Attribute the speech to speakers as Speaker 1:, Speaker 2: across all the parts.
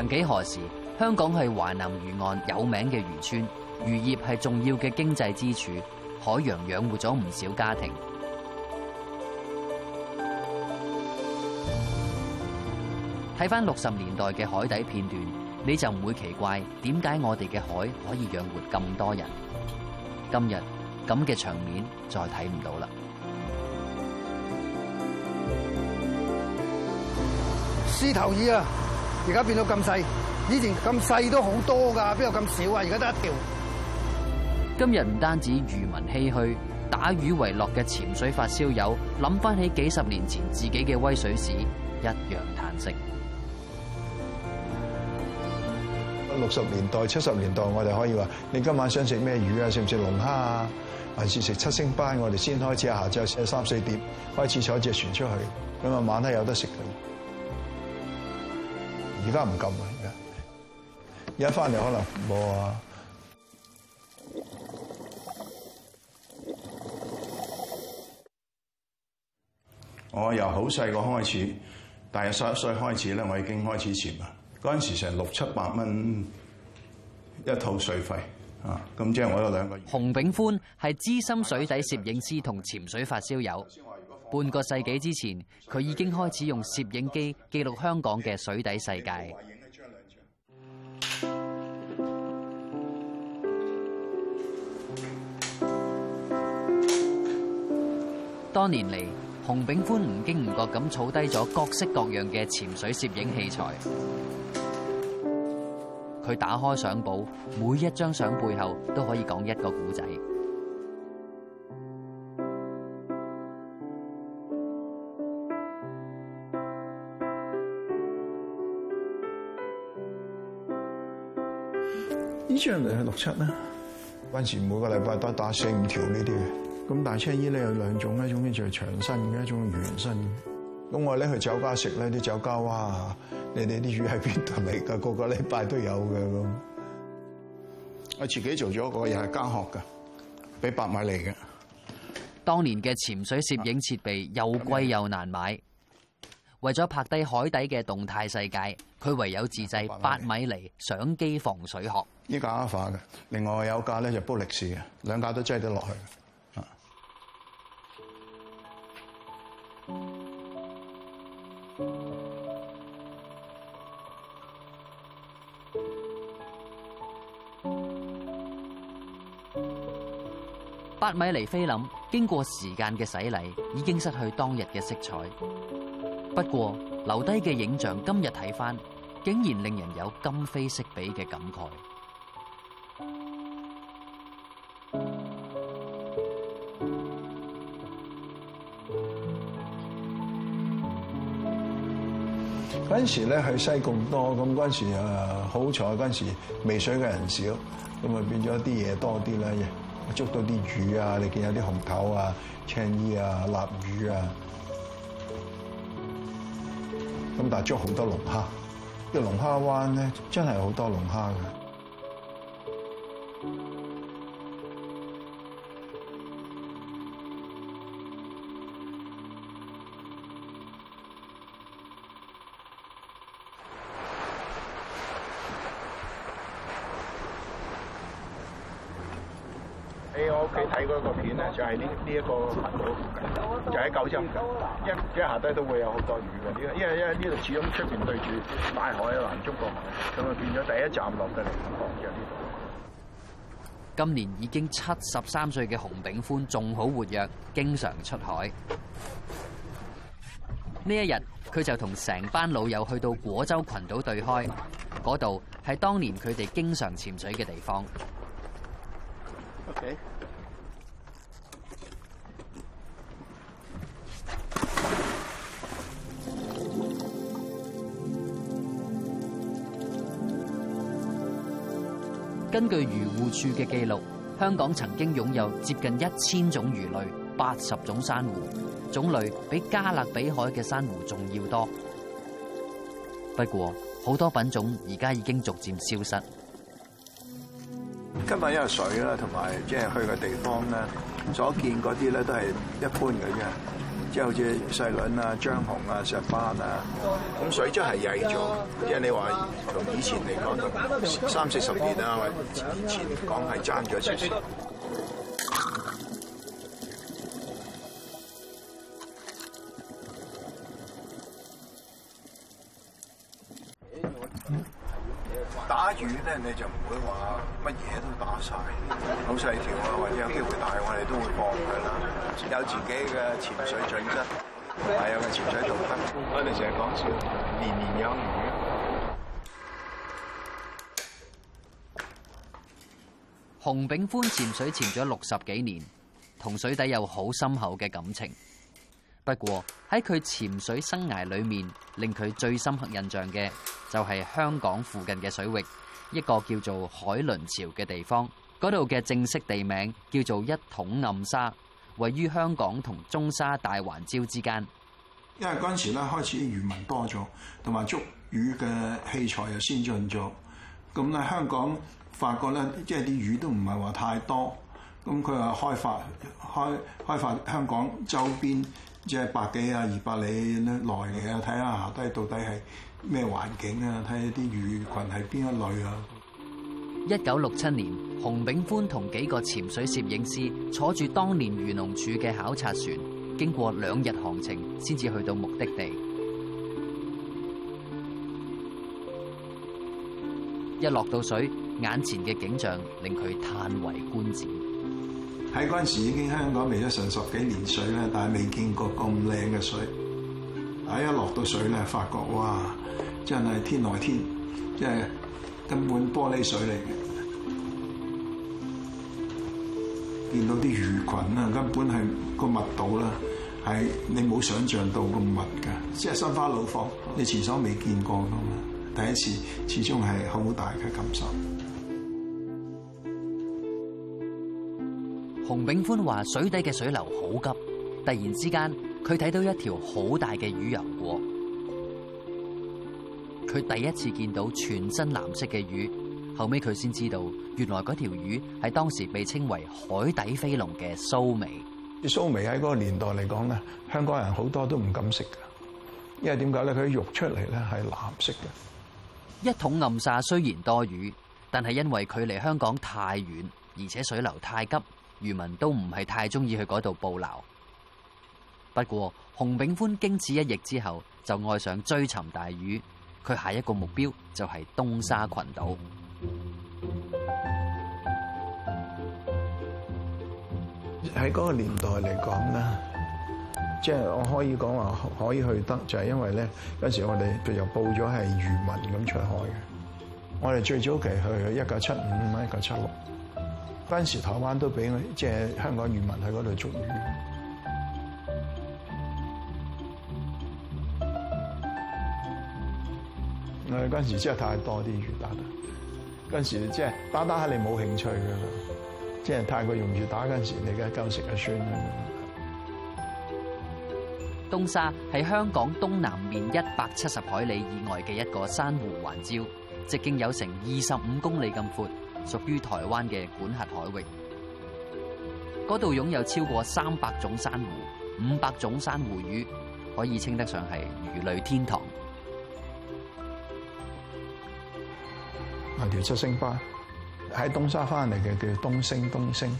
Speaker 1: 曾幾何時，香港係華南沿岸有名嘅漁村，漁業係重要嘅經濟支柱，海洋養活咗唔少家庭。睇翻六十年代嘅海底片段，你就唔會奇怪點解我哋嘅海可以養活咁多人。今日咁嘅場面再
Speaker 2: 睇唔到啦。獅頭魚啊！而家變到咁細，以前咁細都好多㗎，邊有咁少啊？而家得一條。
Speaker 1: 今日唔單止漁民唏噓，打魚為樂嘅潛水發燒友諗返起幾十年前自己嘅威水史，一樣嘆息。
Speaker 3: 六十年代、七十年代，我哋可以話：你今晚想食咩魚啊？食唔食龍蝦啊？還是食七星斑？我哋先開始下晝三四點開始坐隻船出去，咁啊晚黑有得食。而家唔敢，而家而家翻嚟可能冇啊！我由好細個開始，大約十一歲開始咧，我已經開始潛啊！嗰陣時成六七百蚊
Speaker 1: 一套稅費。啊！咁即係我有兩個。熊秉寬係資深水底攝影師同潛水發燒友。半個世紀之前，佢已經開始用攝影機記錄香港嘅水底世界。多年嚟，熊秉寬唔經唔覺咁儲低咗各式各樣嘅潛水攝影器材。佢打開相簿，每一張相背後都可以講一個故仔。
Speaker 3: 呢張嚟係六七啦，嗰陣時每個禮拜都打四五條呢啲嘅。咁大青衣咧有兩種，一種咧就係長身嘅，一種係圓身。咁我咧去酒家食咧啲酒家話。你哋啲魚喺邊度嚟㗎？個個禮拜都有嘅咯。
Speaker 1: 我自己做咗個又係間殼嘅，俾八米釐嘅。當年嘅潛水攝影設備又貴又難買，啊、是為咗拍低海底嘅動態世界，佢唯有自製八米釐相機防水殼。呢架阿法嘅，另外
Speaker 3: 有架咧就煲力士嘅，兩架
Speaker 1: 都擠得落去。啊八米離菲林經過時間嘅洗禮，已經失去當日嘅色彩。不過留低嘅影像，今日睇返，竟然令人有今非昔比嘅感慨。
Speaker 3: 嗰陣時咧去西貢多，咁嗰陣時誒、啊、好彩，嗰陣時未水嘅人少，咁咪變咗啲嘢多啲啦。捉到啲魚啊！你見有啲紅頭啊、青衣啊、臘魚啊，咁但係捉好多龍蝦。個龍蝦灣咧，真係好多龍蝦㗎。就係呢呢一個群島，就喺、是、九洲，一一下底都會有好多魚嘅。呢因為因為呢度始終出邊對住大海啊，南中國咁啊，就變咗第一站落嘅地方就係呢度。
Speaker 1: 今年已經七十三歲嘅熊秉寬仲好活躍，經常出海。呢一日佢就同成班老友去到果洲群島對開嗰度，係當年佢哋經常潛水嘅地方。
Speaker 3: OK。
Speaker 1: 根據漁護處嘅記錄，香港曾經擁有接近一千種魚類、八十種珊瑚，種類比加勒比海嘅珊瑚仲要多。不過，好多品種而家已經逐漸消失。
Speaker 3: 今日因為水啦，同埋即係去嘅地方咧，所見嗰啲咧都係一般嘅啫。即係好似細鱗啊、章紅啊、石斑啊，咁水質係曳咗。即係你話同以前嚟講，同三四十年啊，
Speaker 1: 以前嚟講係爭咗少少
Speaker 3: 打魚咧，你就唔會話。乜嘢都打晒，好細條啊！或者有機會大，我哋都會搏噶啦。有自己嘅潛水準則，係有個潛水錶。我哋成日講笑，年年有魚。
Speaker 1: 熊秉寬潛水潛咗六十幾年，同水底有好深厚嘅感情。不過喺佢潛水生涯裏面，令佢最深刻印象嘅就係香港附近嘅水域。一個叫做海倫潮嘅地方，嗰度嘅正式地名叫做一統暗沙，位於香港同中沙大環礁之間。
Speaker 3: 因為嗰陣時咧開始漁民多咗，同埋捉魚嘅器材又先進咗，咁咧香港發覺咧，即係啲魚都唔係話太多，咁佢話開發開開發香港周邊即係、就是、百幾啊二百里內嘅睇下下低到
Speaker 1: 底係咩環境啊？睇下啲魚群係邊一類啊？一九六七年，熊秉寬同幾個潛水攝影師坐住當年漁農處嘅考察船，經過兩日航程，先至去到目的地。一落到水，眼前嘅景象令佢嘆為觀止。喺嗰陣時已經香港潛咗成十
Speaker 3: 幾年水啦，但係未見過咁靚嘅水。一落到水咧，發覺哇，真係天外天，即係根本玻璃水嚟嘅，見到啲魚羣啦，根本係個密度啦，係你冇想象到咁密嘅，即係新花老火，你前所未見過㗎嘛，第一次始終係好大嘅感受。
Speaker 1: 熊秉寬話：水底嘅水流好急，突然之間。佢睇到一條好大嘅魚游過，佢第一次見到全身藍色嘅魚。後尾佢先知道，原來嗰條魚係當時被稱為海底飛龍嘅蘇眉。蘇眉喺嗰個年代嚟講呢，香港人好多都唔敢食㗎，因為點解咧？佢肉出
Speaker 3: 嚟咧係藍色嘅。一
Speaker 1: 桶暗沙雖然多魚，但係因為距離香港太遠，而且水流太急，漁民都唔係太中意去嗰度捕撈。不過熊秉寬經此一役之後，就愛上追尋大魚。佢下一個目標就係東沙群島。
Speaker 3: 喺嗰個年代嚟講咧，即係我可以講話可以去得，就係因為咧嗰時候我哋佢又報咗係漁民咁出海嘅。我哋最早期去嘅一九七五、一九七六，嗰陣時台灣都俾即係香港漁民喺嗰度捉魚。嗰陣時真係太多啲魚蛋啦！嗰陣時即係打打
Speaker 1: 下你冇興趣嘅啦，即係太過容易打嗰陣時，你梗係夠食就算啦！東沙係香港東南面一百七十海里以外嘅一個珊瑚環礁，直徑有成二十五公里咁闊，屬於台灣嘅管轄海域。嗰度擁有超過三百種珊瑚、五百種珊瑚魚，可以稱得上係魚類天堂。
Speaker 3: 係條七星斑，喺東沙翻嚟嘅叫東星東星。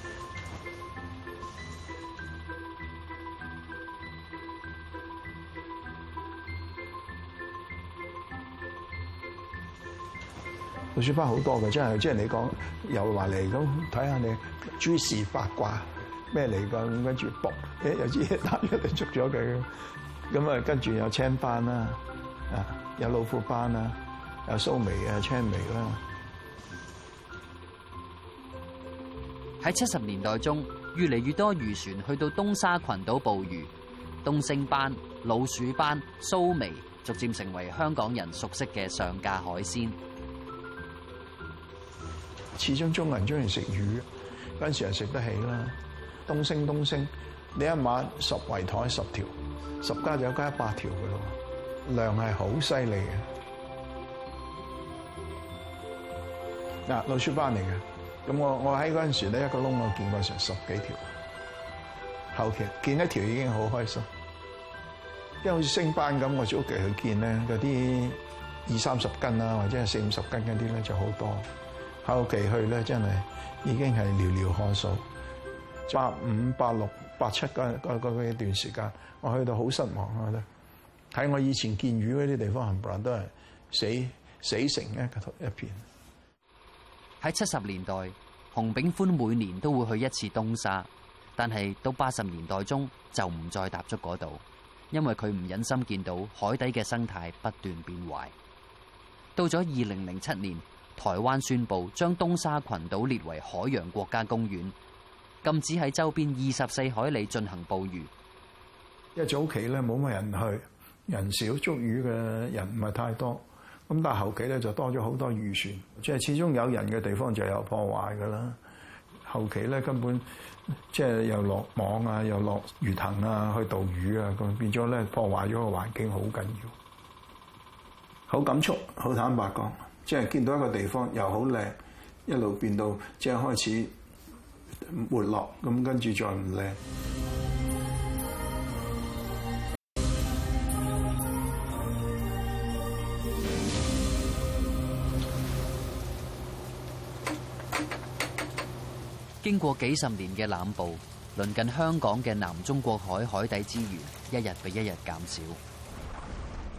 Speaker 3: 老鼠斑好多嘅，即係即係你講又話嚟咁，睇下你諸事八卦咩嚟㗎？咁跟住卜，誒、欸、有支嘢打咗嚟捉咗佢。咁啊，跟住有青斑啦，啊
Speaker 1: 有老虎斑啦，有蘇眉啊，有青眉啦。喺七十年代中，越嚟越多漁船去到東沙群島捕魚，東星斑、老鼠斑、蘇眉，逐漸成為香港人熟悉嘅上架海鮮。始
Speaker 3: 終中人中意食魚，嗰陣時又食得起啦。東星東星，呢一晚十圍枱十條，十加就有加一,一百條噶咯，量係好犀利嘅。嗱、啊，老鼠斑嚟嘅。咁我我喺嗰陣時咧一個窿，我見過成十幾條，後期見一條已經好開心，因為好似升班咁，我早期去見咧嗰啲二三十斤啊，或者係四五十斤嗰啲咧就好多。後期去咧真係已經係寥寥可數，八五八六八七嗰段時間，我去到好失望啊！喺我，我以前見魚嗰啲地方，冚
Speaker 1: 唪唥都係死死成一一片。喺七十年代，熊秉寬每年都會去一次東沙，但係到八十年代中就唔再踏足嗰度，因為佢唔忍心見到海底嘅生態不斷變壞。到咗二零零七年，台灣宣布將東沙群島列為海洋國家公園，禁止喺周邊二十四海里進行捕魚，
Speaker 3: 一早期咧冇乜人去，人少捉魚嘅人唔係太多。咁但係後期咧就多咗好多漁船，即係始終有人嘅地方就有破壞噶啦。後期咧根本即係又落網啊，又落魚藤啊，去毒魚啊，變咗咧破壞咗個環境，好緊要。好感觸，好坦白講，即係見到一個地方又好靚，一路變到即係開始沒落，咁跟住再唔靚。
Speaker 1: 經過幾十年嘅濫捕，鄰近香港嘅南中國海海底資源，一日比一日減少。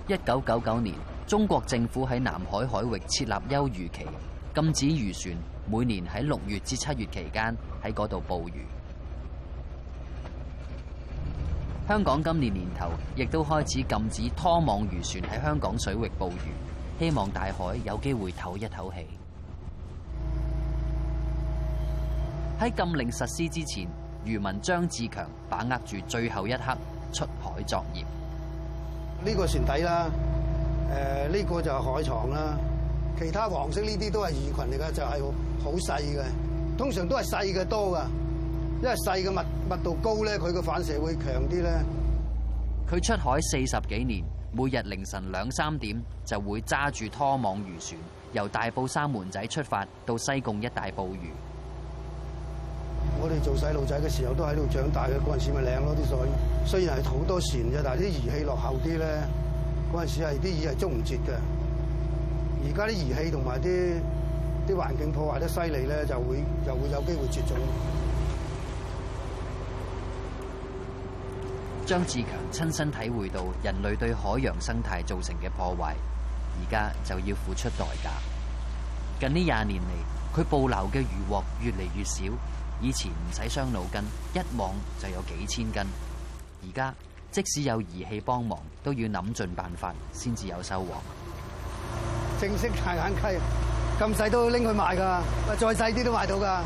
Speaker 1: 一九九九年，中國政府喺南海海域設立休漁期，禁止漁船每年喺六月至七月期間喺嗰度捕魚。香港今年年頭亦都開始禁止拖網漁船喺香港水域捕魚，希望大海有機會唞一唞氣。喺禁令實施之前，漁民張志強把握住最後一刻出海作業。呢、
Speaker 2: 這個船底啦，誒、呃、呢、這個就係海床啦，其他黃色呢啲都係魚群嚟噶，就係好細嘅，通常都係細嘅多噶，因為細嘅密密度高咧，佢嘅反射會強啲咧。
Speaker 1: 佢出海四十幾年，每日凌晨兩三點就會揸住拖網漁船，由大埔三門仔出發到西貢一帶捕魚。
Speaker 2: 我哋做細路仔嘅時候都喺度長大嘅，嗰陣時，咪靚咯啲水。雖然係好多船嘅，但係啲儀器落後啲咧。嗰陣時係啲魚係捉唔絕嘅。而家啲儀器同埋啲啲環境破壞得犀利咧，就會就會有機會絕種。
Speaker 1: 張志強親身體會到人類對海洋生態造成嘅破壞，而家就要付出代價。近呢廿年嚟，佢捕撈嘅魚獲越嚟越少。以前唔使傷腦筋，一網就有幾千斤。而家即使有儀器幫忙，都要諗盡辦法先至有收穫。
Speaker 2: 正式大眼雞咁細都拎去賣噶，再細啲都賣到噶，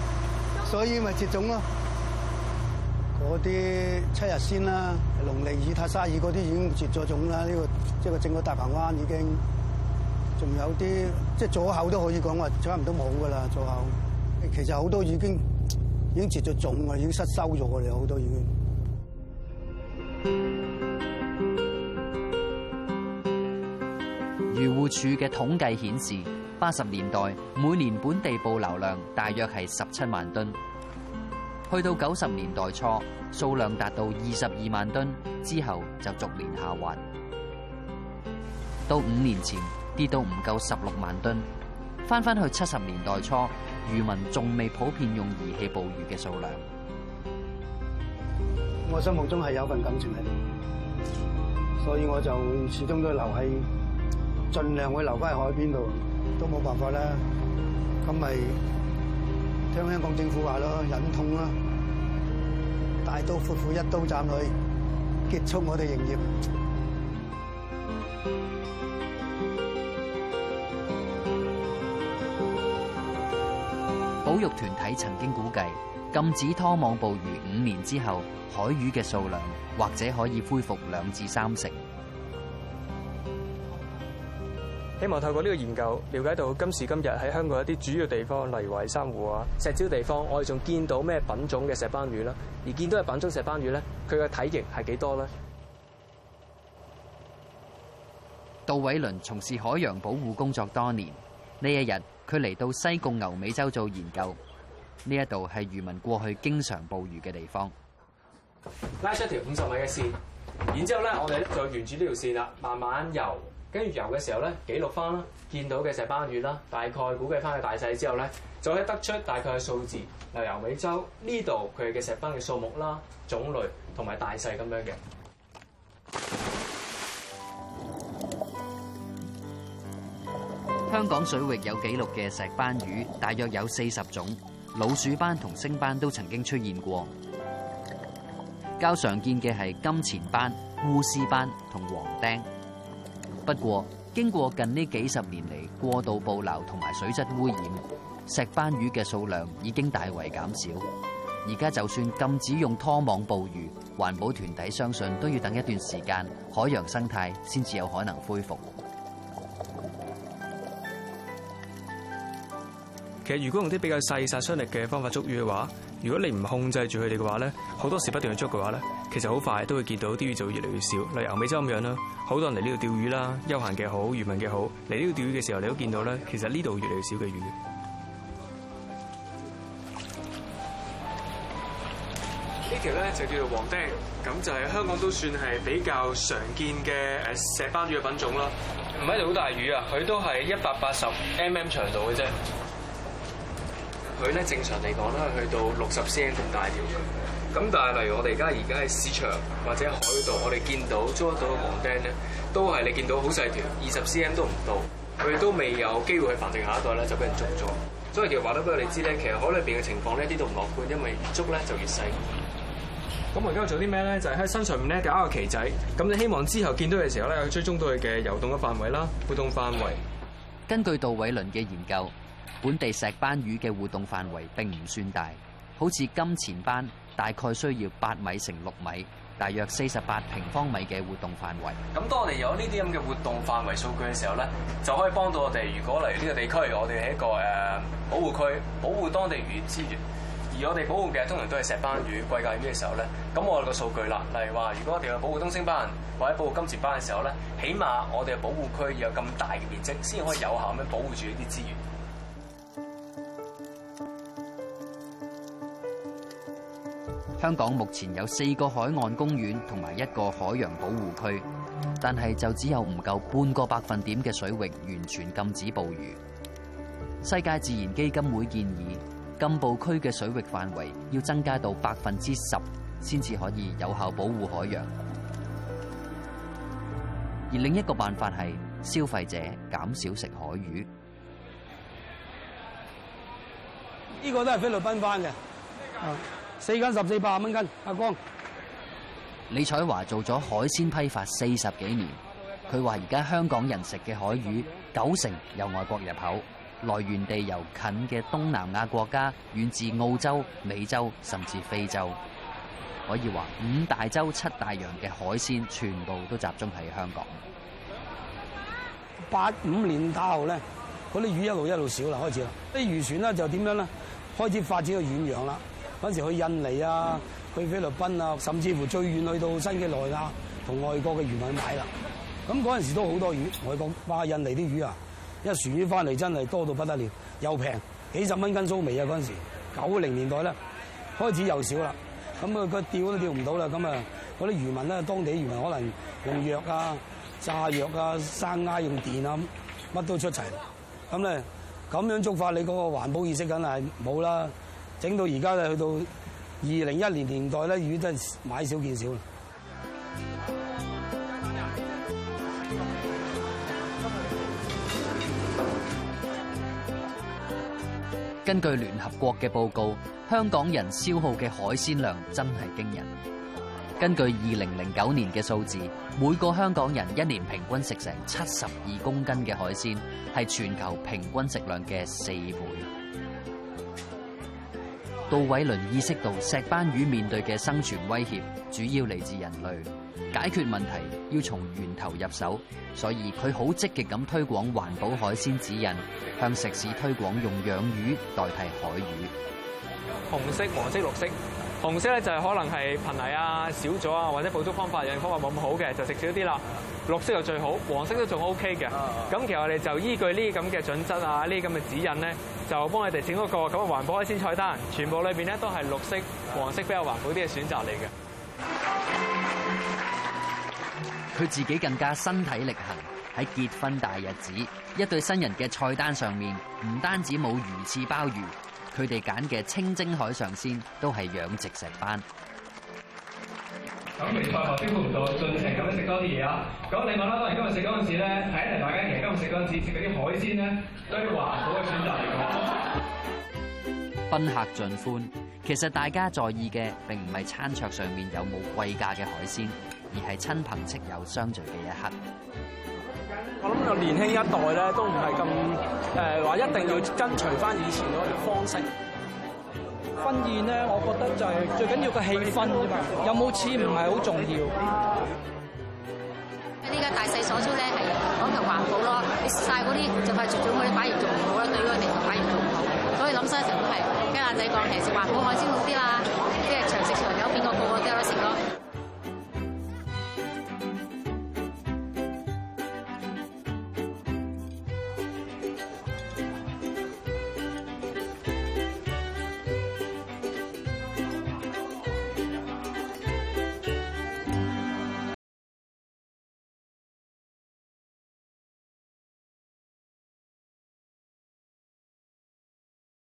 Speaker 2: 所以咪絕種咯。嗰啲 七日仙啦、龍利耳、塔沙耳嗰啲已經絕咗種啦。呢、這個即係個整個大鵬灣已經仲有啲，即、就、係、是、左口都可以講話差唔多冇噶啦。左口其實好多已經。已經絕咗種啊！已經失收咗，我哋好多已經。
Speaker 1: 漁護署嘅統計顯示，八十年代每年本地捕撈量大約係十七萬噸，去到九十年代初數量達到二十二萬噸，之後就逐年下滑，到五年前跌到唔夠十六萬噸，返返去七十年代初。漁民仲未普遍用儀器捕魚嘅數量，
Speaker 2: 我心目中係有份感情喺度，所以我就始終都留喺，盡量會留翻喺海邊度，都冇辦法啦。咁咪聽香港政府話咯，忍痛啦，大刀闊斧一刀斬佢，結束我哋營業。
Speaker 1: 保育團體曾經估計，禁止拖網捕魚五年之後，海魚嘅數量或者可以恢復兩至三成。
Speaker 4: 希望透過呢個研究，了解到今時今日喺香港一啲主要地方，例如係珊瑚啊、石礁地方，我哋仲見到咩品種嘅石斑魚啦，而見到嘅品種石斑魚呢，佢嘅
Speaker 1: 體型係幾多呢。杜偉倫從事海洋保護工作多年，呢一日，佢嚟到西貢牛尾洲做研究，呢一度係漁民過去經常捕魚嘅地方。
Speaker 2: 拉出
Speaker 4: 一條五十米嘅線，然之後咧，我哋咧就沿住呢條線啦，慢慢游。跟住游嘅時候咧，記錄翻啦，見到嘅石斑魚啦，大概估計翻佢大細之後咧，就可以得出大概嘅數字。牛尾洲呢度佢嘅石斑嘅數目啦、種類同埋大細咁樣嘅。
Speaker 1: 香港水域有紀錄嘅石斑魚大約有四十種，老鼠斑同星斑都曾經出現過，較常見嘅係金錢斑、烏絲斑同黃釘。不過，經過近呢幾十年嚟過度捕撈同埋水質污染，石斑魚嘅數量已經大為減少。而家就算禁止用拖網捕魚，環保團體相信都要等一段時間，海洋生態先至有可能恢復。其實，如果用啲比較細
Speaker 4: 殺傷力嘅方法捉魚嘅話，如果你唔控制住佢哋嘅話咧，好多時不斷去捉嘅話咧，其實好快都會見到啲魚就會越嚟越少。例如牛尾洲咁樣啦，好多人嚟呢度釣魚啦，休閒嘅好，漁民嘅好嚟呢度釣魚嘅時候，你都見到咧，其實呢度越嚟越少嘅魚。呢條咧就叫做黃釘，咁就係香港都算係比較常見嘅石斑魚嘅品種啦。唔係一條好大魚啊，佢都係一百八十 mm 長度嘅啫。佢咧正常嚟講咧，去到六十 cm 咁大條嘅。咁但係例如我哋而家而家喺市場或者海度，我哋見到捉得到嘅黃釘咧，都係你見到好細條，二十 cm 都唔到。佢哋都未有機會去繁殖下一代咧，就俾人捉咗。所以其實話得俾你知咧，其實海裏面嘅情況呢，啲度唔樂觀，因為捉咧就越細。咁我而家做啲咩咧？就係、是、喺身上面咧搞個旗仔。咁你希望之後見到嘅時候咧，去追蹤到佢嘅遊動嘅範圍啦，
Speaker 1: 活動範圍。根據杜偉倫嘅研究。本地石斑魚嘅活動範圍並唔算大，好似金錢斑，大概需要八米乘六米，大約四十八平方米嘅活動範圍。
Speaker 4: 咁當我哋有呢啲咁嘅活動範圍數據嘅時候咧，就可以幫到我哋。如果嚟呢個地區，我哋喺一個誒保護區保護當地魚資源，而我哋保護嘅通常都係石斑魚、貴價魚嘅時候咧，咁我有個數據啦，例如話，如果我哋有保護東星斑或者保護金錢斑嘅時候咧，起碼我哋嘅保護區要有咁大嘅面積，先可以有效咁樣保護住呢啲資源。
Speaker 1: 香港目前有四個海岸公園同埋一個海洋保護區，但係就只有唔夠半個百分點嘅水域完全禁止捕魚。世界自然基金會建議禁捕區嘅水域範圍要增加到百分之十，先至可以有效保護海洋。而另一個辦法係消費者減少食海魚。
Speaker 2: 呢、這個都係菲律賓翻嘅。這個四斤十四百蚊斤，阿光
Speaker 1: 李彩華做咗海鮮批發四十幾年，佢話而家香港人食嘅海魚九成由外國入口，來源地由近嘅東南亞國家遠自澳洲、美洲甚至非洲，可以話五大洲七大洋嘅海鮮全部都集中喺香港。
Speaker 2: 八五年打後咧，嗰啲魚一路一路少啦，開始啦啲漁船咧就點樣咧開始發展到遠洋啦。嗰陣時去印尼啊，去菲律賓啊，甚至乎最遠去到新幾內亞，同外國嘅漁民買啦。咁嗰陣時都好多魚，外國哇！印尼啲魚啊，一船魚翻嚟真係多到不得了，又平，幾十蚊斤蘇眉啊嗰陣時。九零年代咧，開始又少啦，咁啊，佢釣都釣唔到啦，咁啊，嗰啲漁民咧，當地漁民可能用藥啊、炸藥啊、山埃、用電啊，乜都出齊，咁咧咁樣觸發你嗰個環保意識梗係冇啦。整到而家咧，去到二零一零年代咧，魚真係買少見少啦。
Speaker 1: 根據聯合國嘅報告，香港人消耗嘅海鮮量真係驚人。根據二零零九年嘅數字，每個香港人一年平均食成七十二公斤嘅海鮮，係全球平均食量嘅四倍。杜偉倫意識到石斑魚面對嘅生存威脅主要嚟自人類，解決問題要從源頭入手，所以佢好積極咁推廣環保海鮮指引，向食肆推廣用養魚代替海魚。
Speaker 4: 紅色、黃色、綠色。紅色咧就係可能係鈣啊少咗啊，或者補足方法、飲方法冇咁好嘅，就食少啲啦。綠色就最好，黃色都仲 OK 嘅。咁其實我哋就依據呢啲咁嘅準則啊，呢啲咁嘅指引咧，就幫你哋整一個咁嘅環保海鮮菜單，全部裏面咧都係綠色、黃色比較環保啲嘅選擇嚟嘅。
Speaker 1: 佢自己更加身體力行，喺結婚大日子，一對新人嘅菜單上面，唔單止冇魚翅鮑魚。佢哋揀嘅清蒸海上鮮都係養殖石斑。
Speaker 4: 咁，明白，阿僆們就盡情咁食多啲嘢啊。咁另外啦，當然今日食嗰陣時咧，睇嚟大家，其實今日食嗰陣時食嗰啲海鮮咧，對於環保嘅選擇嚟講，
Speaker 1: 賓客盡歡。其實大家在意嘅並唔係餐桌上面有冇貴價嘅海鮮，而係親朋戚友相聚嘅一刻。
Speaker 4: 我諗就年輕一代咧都唔係咁誒，話一定要跟隨翻以前嗰啲方式。婚宴咧，我覺得就係最緊要個氣氛啫嘛，有冇錢唔係好重要。
Speaker 2: 呢家大勢所趨咧係講求環保
Speaker 1: 咯，你晒嗰啲就快絕種啲反而做唔好啦，對嗰個地球反而做唔好。所以諗西成都係
Speaker 4: 跟阿仔講，其實環保海鮮好啲啦，即係長食長有，變到個個都有食咯。